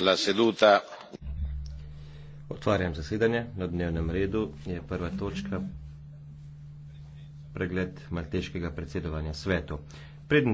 la seduta. Otvarjam zasedanje. Na dnevnem redu je prva točka pregled malteškega predsedovanja svetu. Pred